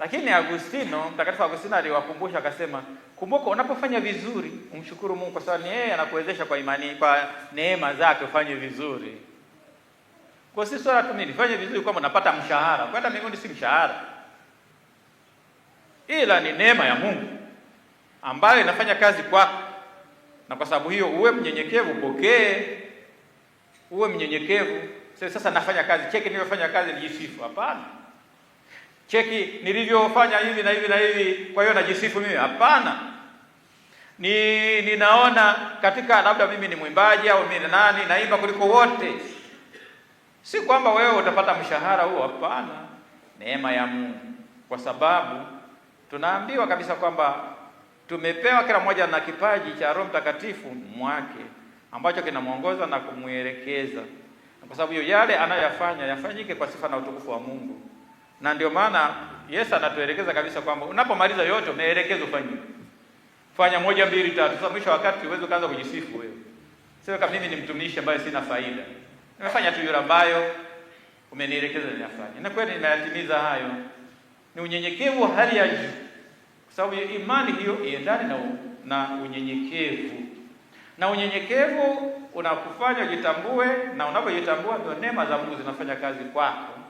Lakini Agustino, Mtakatifu Agustino aliwakumbusha akasema, kumbuka unapofanya vizuri umshukuru Mungu kwa sababu ni yeye anakuwezesha kwa imani, kwa neema zake ufanye vizuri. Kwa sisi swala tu fanye vizuri kwamba napata mshahara. Kwenda mbinguni si mshahara. Ila ni neema ya Mungu ambayo inafanya kazi kwako. Na kwa sababu hiyo uwe mnyenyekevu, pokee. Uwe mnyenyekevu. Sasa nafanya kazi, cheki nilivyofanya kazi nijisifu. Hapana cheki nilivyofanya hivi na hivi na hivi, kwa hiyo najisifu mimi? Hapana, ni ninaona katika labda mimi ni mwimbaji au mimi nani, naimba kuliko wote. Si kwamba wewe utapata mshahara huo, hapana, neema ya Mungu, kwa sababu tunaambiwa kabisa kwamba tumepewa kila mmoja na kipaji cha Roho Mtakatifu mwake ambacho kinamwongoza na kumwelekeza, kwa sababu hiyo yale anayoyafanya yafanyike kwa sifa na utukufu wa Mungu na ndio maana Yesu anatuelekeza kabisa kwamba unapomaliza yote umeelekezwa fanye fanya moja mbili tatu. Sasa mwisho wakati uweze kuanza kujisifu wewe, sio kama mimi ni mtumishi ambaye sina faida, nimefanya tu yule ambayo umenielekeza niyafanye. na kweli nimeyatimiza hayo. Ni unyenyekevu hali ya juu, kwa sababu imani hiyo iendane na, na unyenyekevu na unyenyekevu unakufanya ujitambue, na unapojitambua ndio neema za Mungu zinafanya kazi kwako.